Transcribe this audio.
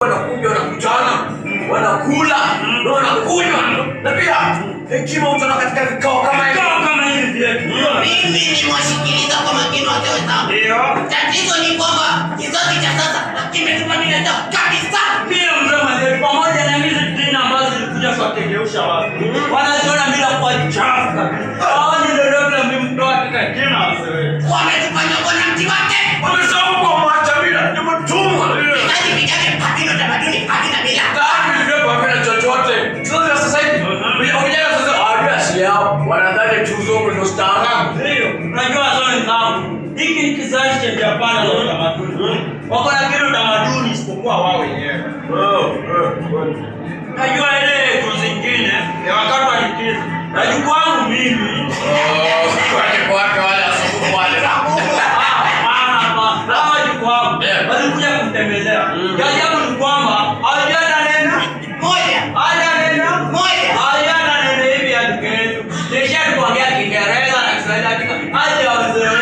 Wanakuja, wanakutana, wanakula na wanakunywa, na pia hekima utana katika vikao kama hivi. Mimi nimewasikiliza kwa makini wazee wenzangu. Tatizo ni kwamba kizazi cha sasa kimetupa kabisa. wanadhani juu kwenye ni ustaarabu. Ndio, unajua zoni kama hiki ni kizazi cha Japani na utamaduni wako na kile utamaduni isipokuwa wao wenyewe. Oh, oh, oh. Najua ile tu zingine ya wakati wa likizo na jukwangu mimi ah, walikuja kumtembelea. Mm. Ya ajabu ni kwamba Hadi abi.